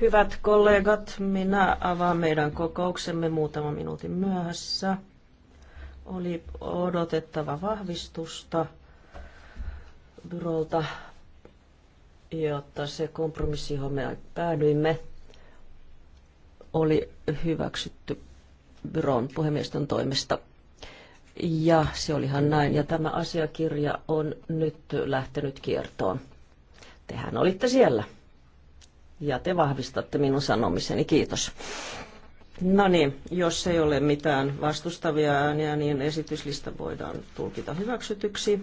Hyvät kollegat, minä avaan meidän kokouksemme muutama minuutin myöhässä. Oli odotettava vahvistusta byrolta, jotta se kompromissi, johon me päädyimme, oli hyväksytty byron puhemiestön toimesta. Ja se olihan näin. Ja tämä asiakirja on nyt lähtenyt kiertoon. Tehän olitte siellä. Ja te vahvistatte minun sanomiseni. Kiitos. No niin, jos ei ole mitään vastustavia ääniä, niin esityslista voidaan tulkita hyväksytyksi.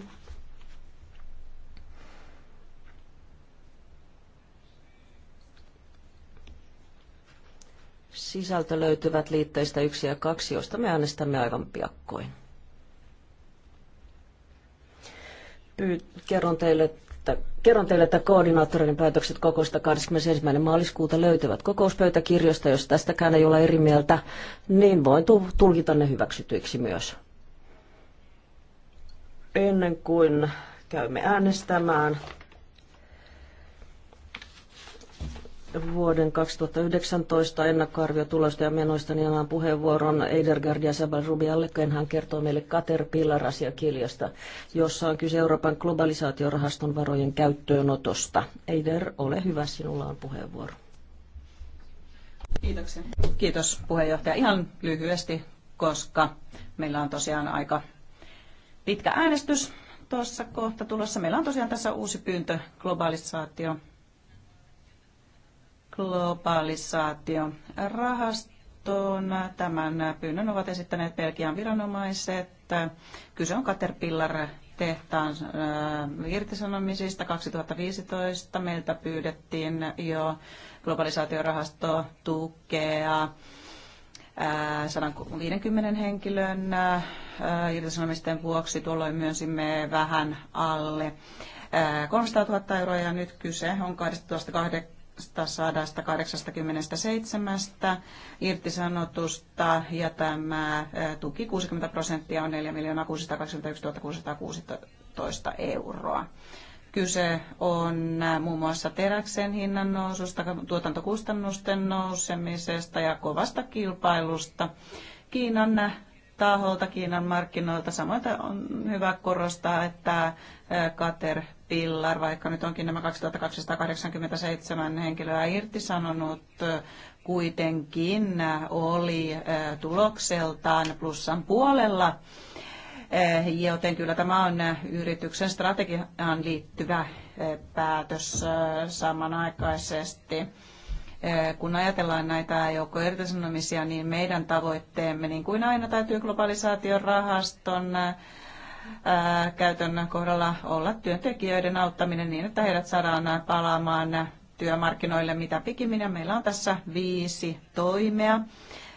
Sisältö löytyvät liitteistä 1 ja 2, josta me äänestämme aivan piakkoin. Pyy- kerron teille että kerron teille, että koordinaattoreiden päätökset kokousta 21. maaliskuuta löytyvät kokouspöytäkirjosta. Jos tästäkään ei ole eri mieltä, niin voin tulkita ne hyväksytyiksi myös. Ennen kuin käymme äänestämään, vuoden 2019 ennakkoarvio tulosta ja menoista, niin annan puheenvuoron Eidergard ja Sabal Rubialle, kun hän kertoo meille Caterpillar-asiakirjasta, jossa on kyse Euroopan globalisaatiorahaston varojen käyttöönotosta. Eider, ole hyvä, sinulla on puheenvuoro. Kiitoksia. Kiitos puheenjohtaja. Ihan lyhyesti, koska meillä on tosiaan aika pitkä äänestys tuossa kohta tulossa. Meillä on tosiaan tässä uusi pyyntö globalisaatio globalisaatio rahastoon. Tämän pyynnön ovat esittäneet Belgian viranomaiset. Kyse on Caterpillar tehtaan äh, irtisanomisista 2015. Meiltä pyydettiin jo globalisaatiorahasto tukea 150 äh, henkilön äh, irtisanomisten vuoksi. Tuolloin myönsimme vähän alle 300 000 euroa ja nyt kyse on 187 irtisanotusta ja tämä tuki 60 prosenttia on 4 621 euroa. Kyse on muun muassa teräksen hinnan noususta, tuotantokustannusten nousemisesta ja kovasta kilpailusta Kiinan taholta, Kiinan markkinoilta. Samoin on hyvä korostaa, että Kater Pillar, vaikka nyt onkin nämä 2287 henkilöä irtisanonut, kuitenkin oli tulokseltaan plussan puolella. Joten kyllä tämä on yrityksen strategiaan liittyvä päätös samanaikaisesti kun ajatellaan näitä joukkoirtisanomisia, niin meidän tavoitteemme, niin kuin aina täytyy globalisaation rahaston käytön kohdalla olla työntekijöiden auttaminen niin, että heidät saadaan palaamaan työmarkkinoille mitä pikimmin. Meillä on tässä viisi toimea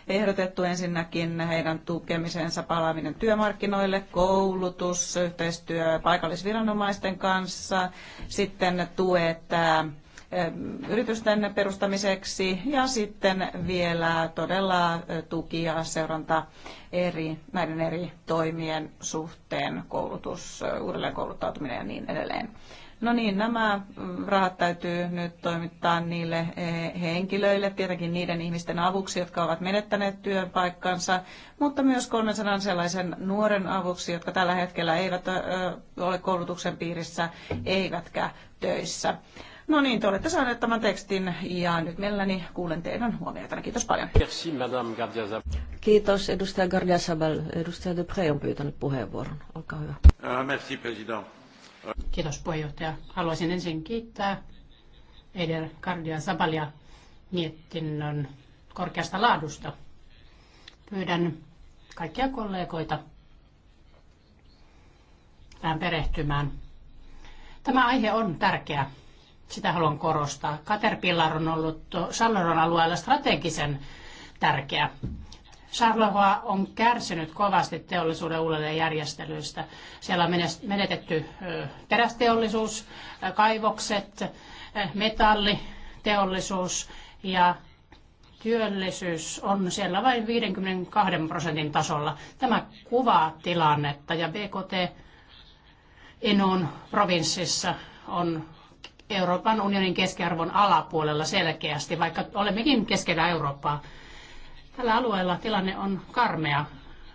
ehdotettu ensinnäkin heidän tukemisensa palaaminen työmarkkinoille, koulutus, yhteistyö paikallisviranomaisten kanssa, sitten tuet Eh, yritysten perustamiseksi ja sitten vielä todella eh, tuki ja seuranta eri, näiden eri toimien suhteen, koulutus, eh, uudelleenkouluttautuminen ja niin edelleen. No niin, nämä mm, rahat täytyy nyt toimittaa niille henkilöille, tietenkin niiden ihmisten avuksi, jotka ovat menettäneet työpaikkansa, mutta myös 300 sellaisen nuoren avuksi, jotka tällä hetkellä eivät ole koulutuksen piirissä, eivätkä töissä. No niin, te olette saaneet tämän tekstin ja nyt mielelläni kuulen teidän huomioitanne. Kiitos paljon. Merci, Madame Kiitos, edustaja Gardia Sabel. Edustaja Dupré on pyytänyt puheenvuoron. Olkaa hyvä. Ah, merci, president. Kiitos puheenjohtaja. Haluaisin ensin kiittää Eder Gardia Sabalia mietinnön korkeasta laadusta. Pyydän kaikkia kollegoita tähän perehtymään. Tämä aihe on tärkeä sitä haluan korostaa. Caterpillar on ollut Charleroin alueella strategisen tärkeä. Charleroi on kärsinyt kovasti teollisuuden järjestelyistä. Siellä on menetetty terästeollisuus, kaivokset, metalliteollisuus ja työllisyys on siellä vain 52 prosentin tasolla. Tämä kuvaa tilannetta ja BKT Enon provinssissa on Euroopan unionin keskiarvon alapuolella selkeästi, vaikka olemmekin keskellä Eurooppaa. Tällä alueella tilanne on karmea.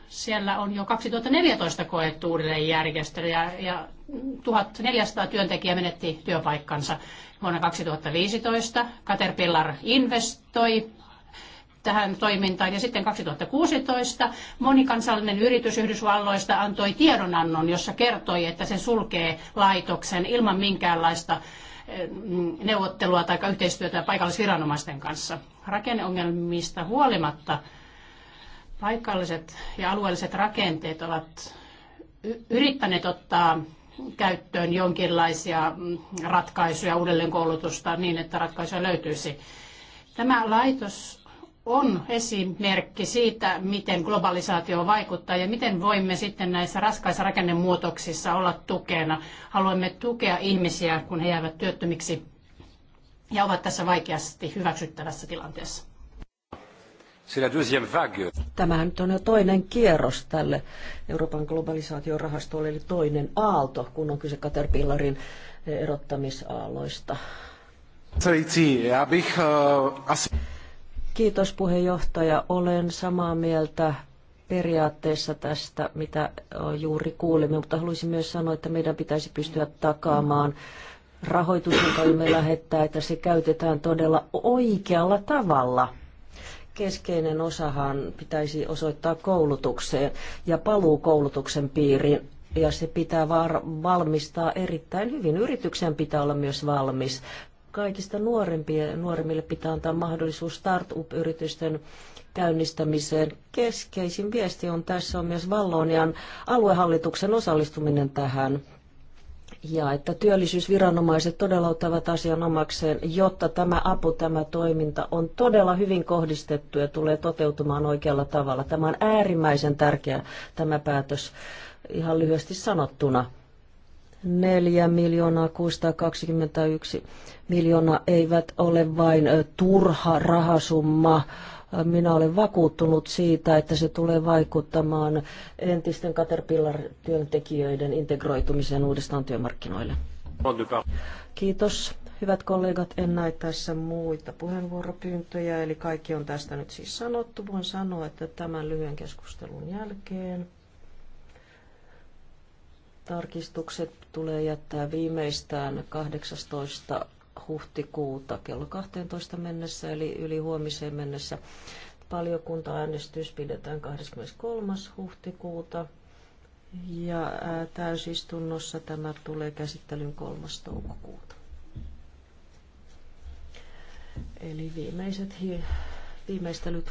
Siellä on jo 2014 koettu uudelleenjärjestely ja, ja 1400 työntekijää menetti työpaikkansa. Vuonna 2015 Caterpillar investoi tähän toimintaan. Ja sitten 2016 monikansallinen yritys Yhdysvalloista antoi tiedonannon, jossa kertoi, että se sulkee laitoksen ilman minkäänlaista Eh, neuvottelua tai yhteistyötä paikallisviranomaisten kanssa. Rakenneongelmista huolimatta paikalliset ja alueelliset rakenteet ovat yrittäneet ottaa käyttöön jonkinlaisia mm, ratkaisuja, uudelleenkoulutusta niin, että ratkaisuja löytyisi. Tämä laitos on esimerkki siitä, miten globalisaatio vaikuttaa ja miten voimme sitten näissä raskaissa rakennemuutoksissa olla tukena. Haluamme tukea ihmisiä, kun he jäävät työttömiksi ja ovat tässä vaikeasti hyväksyttävässä tilanteessa. Tämä nyt on jo toinen kierros tälle Euroopan globalisaatiorahastolle, eli toinen aalto, kun on kyse Caterpillarin erottamisaalloista. Eh, Kiitos puheenjohtaja. Olen samaa mieltä periaatteessa tästä, mitä juuri kuulimme, mutta haluaisin myös sanoa, että meidän pitäisi pystyä takaamaan rahoitus, jonka me lähettää, että se käytetään todella oikealla tavalla. Keskeinen osahan pitäisi osoittaa koulutukseen ja paluu koulutuksen piiriin ja se pitää var- valmistaa erittäin hyvin. Yrityksen pitää olla myös valmis kaikista nuoremmille pitää antaa mahdollisuus startup-yritysten käynnistämiseen. Keskeisin viesti on tässä on myös Vallonian aluehallituksen osallistuminen tähän ja että työllisyysviranomaiset todella ottavat asian omakseen, jotta tämä apu, tämä toiminta on todella hyvin kohdistettu ja tulee toteutumaan oikealla tavalla. Tämä on äärimmäisen tärkeä tämä päätös ihan lyhyesti sanottuna. 4 miljoonaa 621 miljoonaa eivät ole vain turha rahasumma. Minä olen vakuuttunut siitä, että se tulee vaikuttamaan entisten Caterpillar-työntekijöiden integroitumiseen uudestaan työmarkkinoille. Kiitos. Hyvät kollegat, en näe tässä muita puheenvuoropyyntöjä, eli kaikki on tästä nyt siis sanottu. Voin sanoa, että tämän lyhyen keskustelun jälkeen Tarkistukset tulee jättää viimeistään 18. huhtikuuta kello 12 mennessä, eli yli huomiseen mennessä. Valiokunta-äänestys pidetään 23. huhtikuuta. Ja täysistunnossa tämä tulee käsittelyn 3. toukokuuta. Eli viimeiset viimeistelyt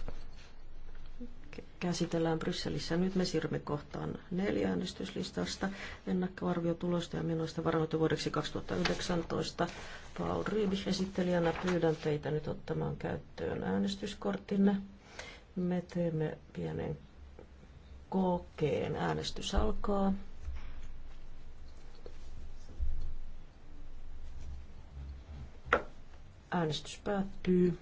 käsitellään Brysselissä. Nyt me siirrymme kohtaan neljä äänestyslistasta tulosta ja varoitu vuodeksi 2019. Paul Riebich esittelijänä pyydän teitä nyt ottamaan käyttöön äänestyskorttinne. Me teemme pienen kokeen. Äänestys alkaa. Äänestys päättyy.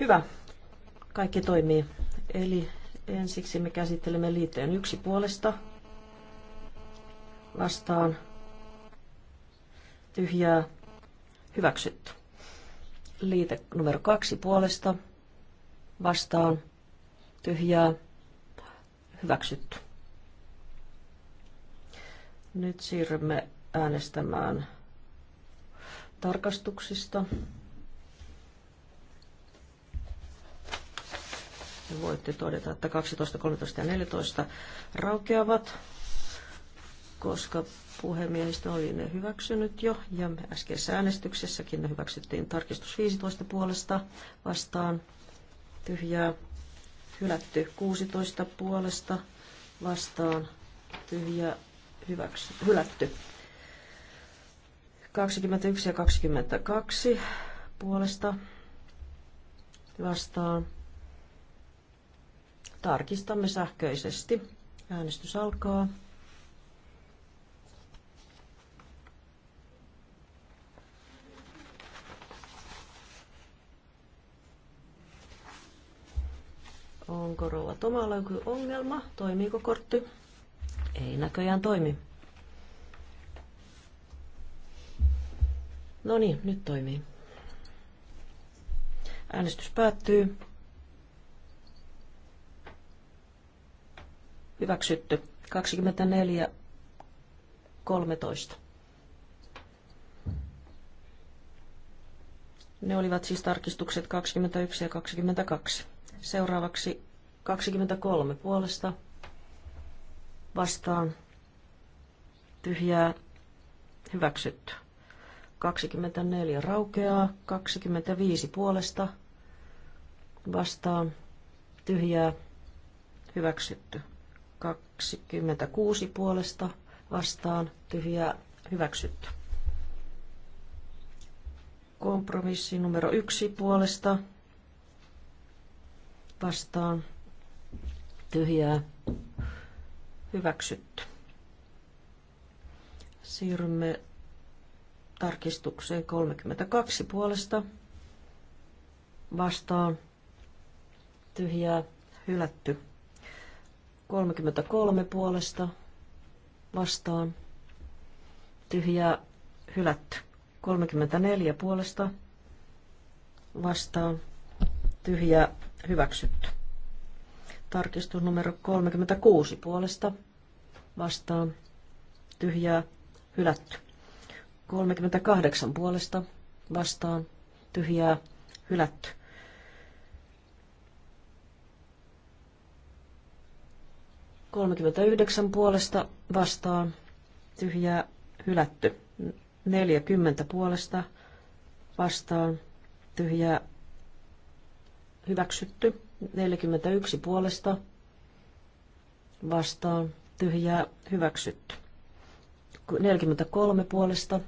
Hyvä. Kaikki toimii. Eli ensiksi me käsittelemme liitteen yksi puolesta vastaan tyhjää hyväksytty. Liite numero kaksi puolesta vastaan tyhjää hyväksytty. Nyt siirrymme äänestämään tarkastuksista. Ja voitte todeta, että 12, 13 ja 14 raukeavat, koska puhemiehistö oli ne hyväksynyt jo, ja me äskeisessä äänestyksessäkin ne hyväksyttiin tarkistus 15 puolesta vastaan, tyhjää, hylätty 16 puolesta vastaan, tyhjää, hyväksy, hylätty. 21 ja 22 puolesta vastaan, Tarkistamme sähköisesti. Äänestys alkaa. Onko rouva Tomalla joku ongelma? Toimiiko kortti? Ei näköjään toimi. No niin, nyt toimii. Äänestys päättyy. Hyväksytty. 24, 13. Ne olivat siis tarkistukset 21 ja 22. Seuraavaksi 23 puolesta vastaan tyhjää hyväksytty. 24 raukeaa, 25 puolesta vastaan tyhjää hyväksytty. 26 puolesta vastaan tyhjää hyväksytty. Kompromissi numero 1 puolesta vastaan tyhjää hyväksytty. Siirrymme tarkistukseen 32 puolesta vastaan tyhjää hylätty. 33 puolesta vastaan. Tyhjää hylätty. 34 puolesta vastaan. Tyhjää hyväksytty. Tarkistus numero 36 puolesta vastaan. Tyhjää hylätty. 38 puolesta vastaan. Tyhjää hylätty. 39 puolesta vastaan tyhjää hylätty. 40 puolesta vastaan tyhjää hyväksytty. 41 puolesta vastaan tyhjää hyväksytty. 43 puolesta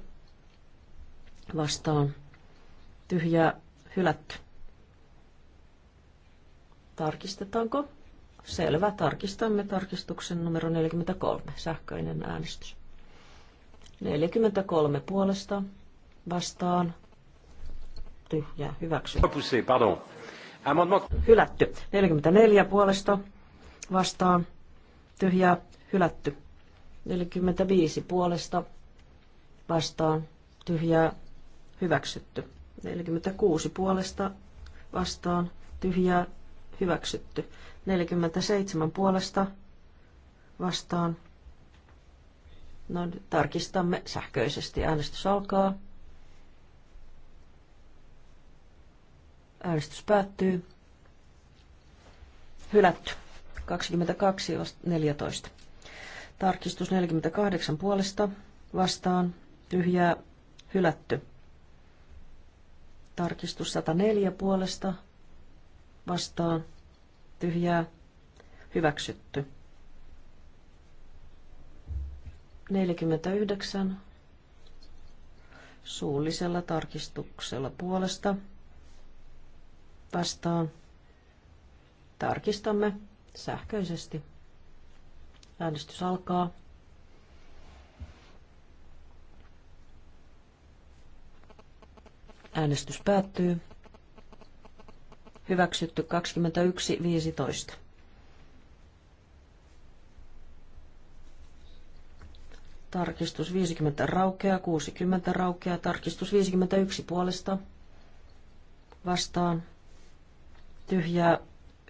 vastaan tyhjää hylätty. Tarkistetaanko? Selvä. Tarkistamme tarkistuksen numero 43. Sähköinen äänestys. 43 puolesta vastaan. Tyhjä. Hyväksy. Pardon. Hylätty. 44 puolesta vastaan. Tyhjää. Hylätty. 45 puolesta vastaan. Tyhjää. Hyväksytty. 46 puolesta vastaan. Tyhjää hyväksytty. 47 puolesta vastaan. No, tarkistamme sähköisesti. Äänestys alkaa. Äänestys päättyy. Hylätty. 22 14. Tarkistus 48 puolesta vastaan. Tyhjää. Hylätty. Tarkistus 104 puolesta vastaan tyhjää hyväksytty. 49 suullisella tarkistuksella puolesta vastaan. Tarkistamme sähköisesti. Äänestys alkaa. Äänestys päättyy. Hyväksytty 21.15. Tarkistus 50 raukeaa, 60 raukeaa, tarkistus 51 puolesta. Vastaan. Tyhjää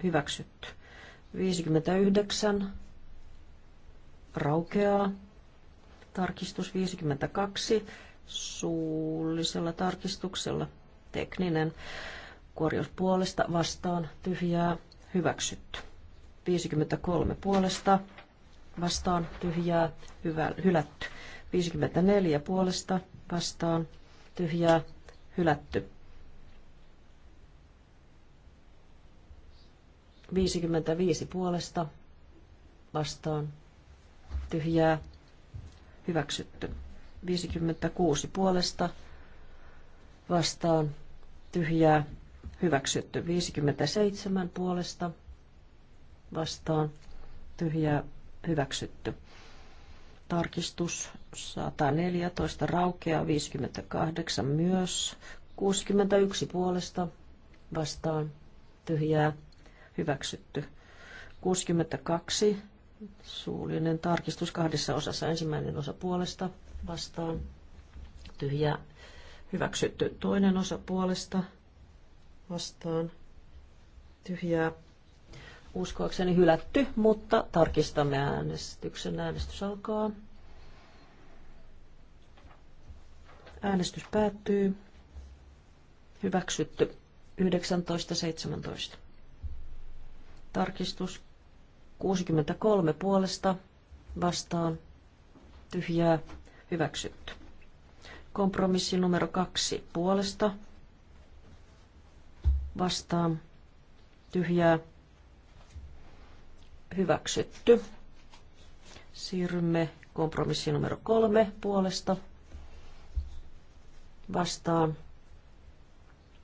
hyväksytty. 59 raukeaa, tarkistus 52 suullisella tarkistuksella, tekninen Korjaus puolesta vastaan tyhjää hyväksytty. 53 puolesta vastaan tyhjää hyvä, hylätty. 54 puolesta vastaan tyhjää hylätty. 55 puolesta vastaan tyhjää hyväksytty. 56 puolesta vastaan tyhjää hyväksytty. 57 puolesta vastaan tyhjää hyväksytty. Tarkistus 114 raukeaa 58 myös. 61 puolesta vastaan tyhjää hyväksytty. 62 suullinen tarkistus kahdessa osassa. Ensimmäinen osa puolesta vastaan tyhjää hyväksytty. Toinen osa puolesta vastaan tyhjää. Uskoakseni hylätty, mutta tarkistamme äänestyksen. Äänestys alkaa. Äänestys päättyy. Hyväksytty 19.17. Tarkistus 63 puolesta vastaan tyhjää hyväksytty. Kompromissi numero 2 puolesta vastaan tyhjää hyväksytty. Siirrymme kompromissi numero kolme puolesta vastaan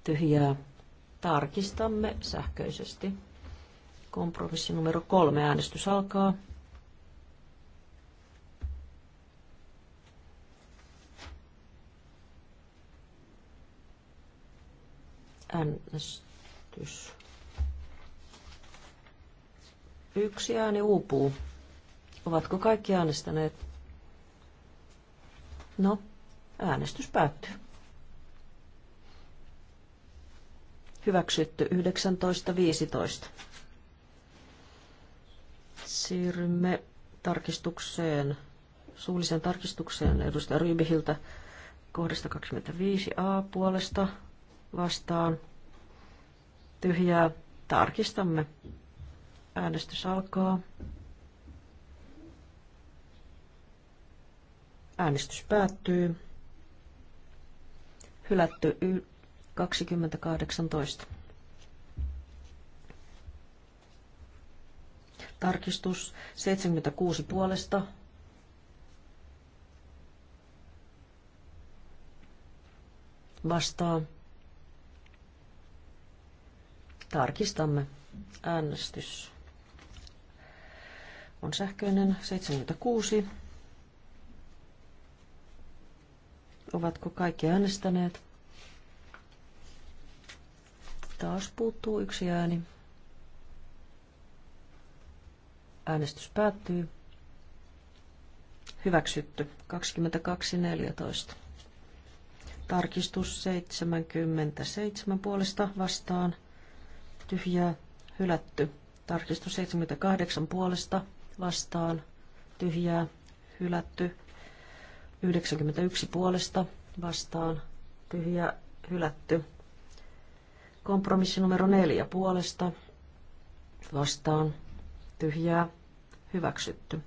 tyhjää. Tarkistamme sähköisesti. Kompromissi numero kolme äänestys alkaa. Äänestys. Yksi ääni uupuu. Ovatko kaikki äänestäneet? No, äänestys päättyy. Hyväksytty 19.15. Siirrymme tarkistukseen, suulliseen tarkistukseen edustaja Ryybihiltä kohdasta 25a puolesta vastaan tyhjää. Tarkistamme. Äänestys alkaa. Äänestys päättyy. Hylätty 2018. Tarkistus 76 puolesta. Vastaa Tarkistamme. Äänestys on sähköinen 76. Ovatko kaikki äänestäneet? Taas puuttuu yksi ääni. Äänestys päättyy. Hyväksytty. 22.14. Tarkistus 77 puolesta vastaan tyhjää, hylätty. Tarkistus 78 puolesta vastaan, tyhjää, hylätty. 91 puolesta vastaan, tyhjää, hylätty. Kompromissi numero 4 puolesta vastaan, tyhjää, hyväksytty.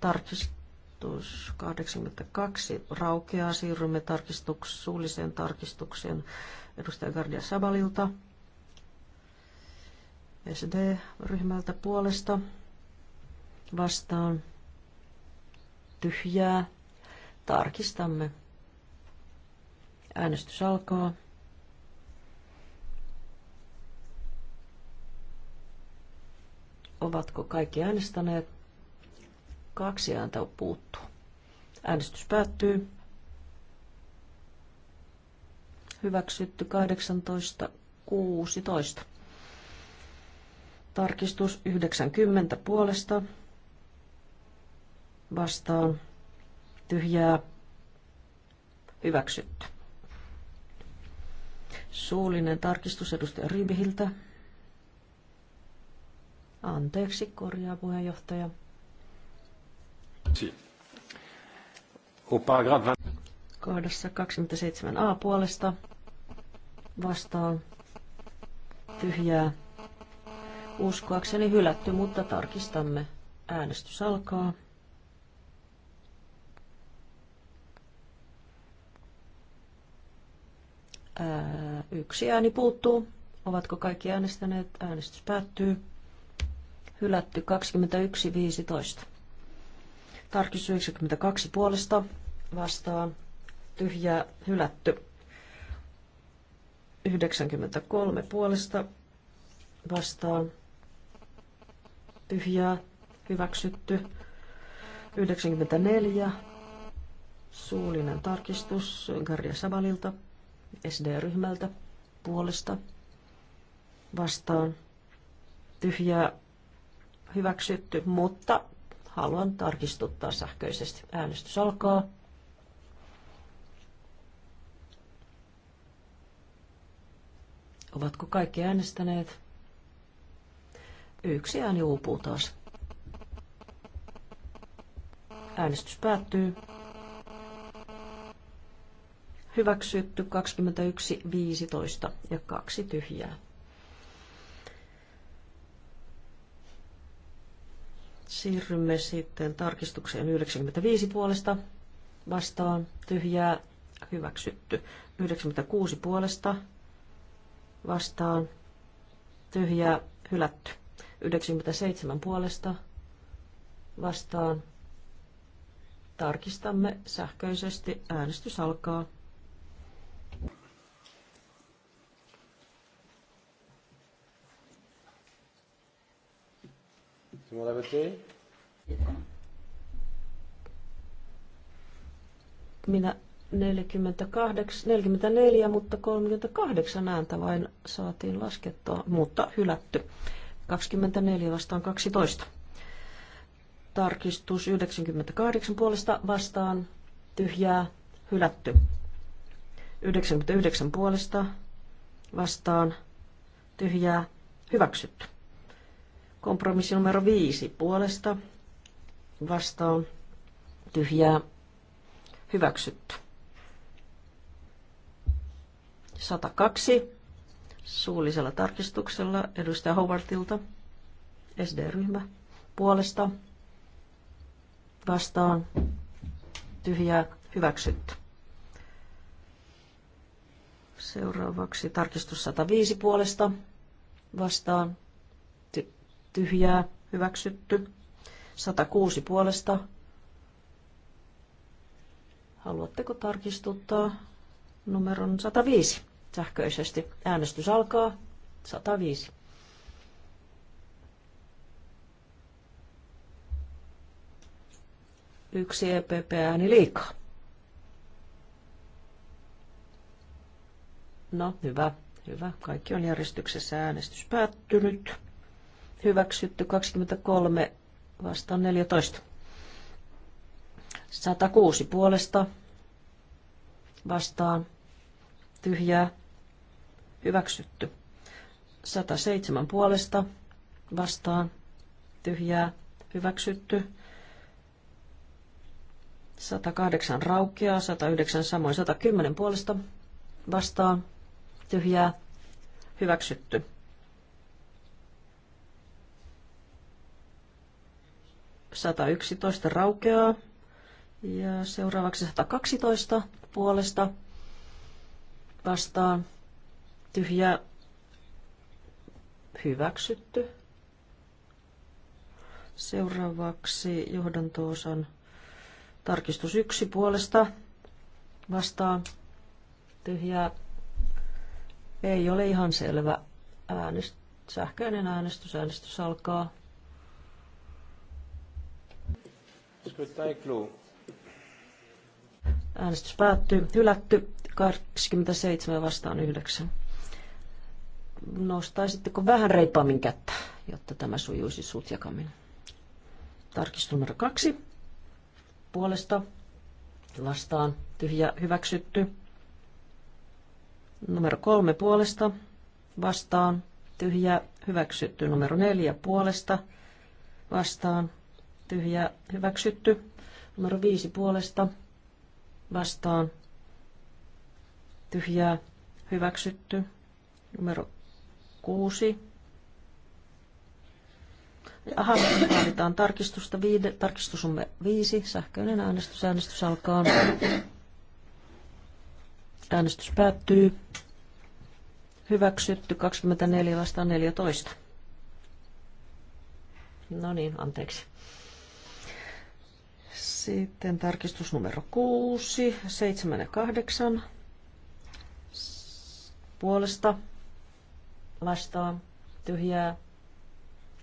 Tarkistus 82 raukeaa. Siirrymme tarkistuks, suulliseen tarkistukseen edustaja Gardia Sabalilta. SD-ryhmältä puolesta vastaan tyhjää. Tarkistamme. Äänestys alkaa. Ovatko kaikki äänestäneet? Kaksi ääntä puuttu Äänestys päättyy. Hyväksytty 18.16. Tarkistus 90 puolesta vastaan tyhjää hyväksytty. Suullinen tarkistus edustaja Rybihiltä. Anteeksi, korjaa puheenjohtaja. Kohdassa 27a puolesta vastaan tyhjää Uskoakseni hylätty, mutta tarkistamme. Äänestys alkaa. Ää, yksi ääni puuttuu. Ovatko kaikki äänestäneet? Äänestys päättyy. Hylätty 21.15. Tarkistus 92 puolesta vastaan. Tyhjää hylätty. 93 puolesta vastaan tyhjää hyväksytty. 94 suullinen tarkistus Garja Sabalilta SD-ryhmältä puolesta vastaan tyhjää hyväksytty, mutta haluan tarkistuttaa sähköisesti. Äänestys alkaa. Ovatko kaikki äänestäneet? Yksi ääni uupuu taas. Äänestys päättyy. Hyväksytty 21, 15 ja kaksi tyhjää. Siirrymme sitten tarkistukseen 95 puolesta vastaan tyhjää hyväksytty. 96 puolesta vastaan tyhjää hylätty. 97 puolesta vastaan. Tarkistamme sähköisesti. Äänestys alkaa. Minä 48, 44, mutta 38 ääntä vain saatiin laskettua, mutta hylätty. 24 vastaan 12. Tarkistus 98 puolesta vastaan tyhjää hylätty. 99 puolesta vastaan tyhjää hyväksytty. Kompromissi numero 5 puolesta vastaan tyhjää hyväksytty. 102 suullisella tarkistuksella edustaja Howardilta, SD-ryhmä, puolesta vastaan tyhjää hyväksytty. Seuraavaksi tarkistus 105 puolesta vastaan ty- tyhjää hyväksytty. 106 puolesta. Haluatteko tarkistuttaa numeron 105? sähköisesti. Äänestys alkaa. 105. Yksi EPP-ääni liikaa. No, hyvä, hyvä. Kaikki on järjestyksessä. Äänestys päättynyt. Hyväksytty 23 vastaan 14. 106 puolesta vastaan tyhjää Hyväksytty. 107 puolesta vastaan tyhjää hyväksytty. 108 raukeaa, 109 samoin 110 puolesta vastaan tyhjää hyväksytty. Sata yksitoista raukeaa ja seuraavaksi sata kaksitoista puolesta vastaan tyhjä hyväksytty. Seuraavaksi johdantoosan tarkistus yksi puolesta vastaan tyhjä Ei ole ihan selvä äänest, sähköinen äänestys. Äänestys alkaa. Äänestys päättyy. Hylätty 27 vastaan 9. Nostaisitteko vähän reippaammin kättä, jotta tämä sujuisi sutjakammin? Tarkistus numero kaksi. Puolesta vastaan tyhjä hyväksytty. Numero kolme puolesta vastaan tyhjä hyväksytty. Numero neljä puolesta vastaan tyhjä hyväksytty. Numero viisi puolesta vastaan tyhjää hyväksytty. Numero kuusi. Aha, vaaditaan tarkistusta. Viide, tarkistus on viisi. Sähköinen äänestys. Äänestys alkaa. Äänestys päättyy. Hyväksytty 24 vastaan 14. No niin, anteeksi. Sitten tarkistus numero 6, 7 ja 8 puolesta vastaan tyhjää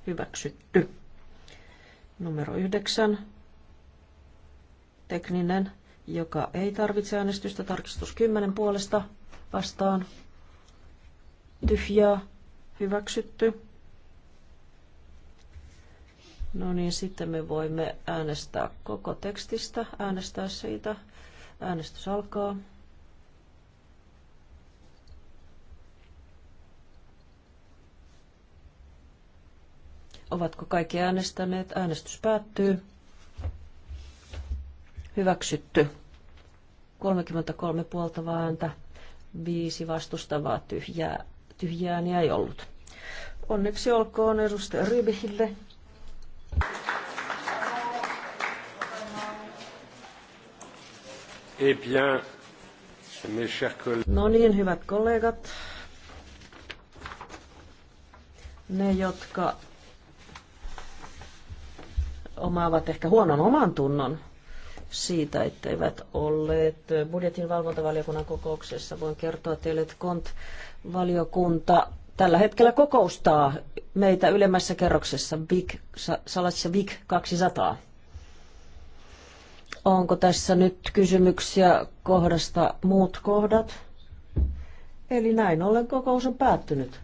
hyväksytty. Numero 9. Tekninen, joka ei tarvitse äänestystä. Tarkistus 10 puolesta vastaan tyhjää hyväksytty. No niin, sitten me voimme äänestää koko tekstistä, äänestää siitä. Äänestys alkaa. Ovatko kaikki äänestäneet? Äänestys päättyy. Hyväksytty. 33 puoltavaa ääntä, viisi vastustavaa tyhjää, Tyhjää ja ei ollut. Onneksi olkoon edustaja Rybihille. Eh bien, mes chers collègues. No niin, hyvät kollegat. Ne, jotka omaavat ehkä huonon oman tunnon siitä, etteivät olleet budjetin valvontavaliokunnan kokouksessa. Voin kertoa teille, että KONT-valiokunta tällä hetkellä kokoustaa meitä ylemmässä kerroksessa Big, salassa Big 200. Onko tässä nyt kysymyksiä kohdasta muut kohdat? Eli näin ollen kokous on päättynyt.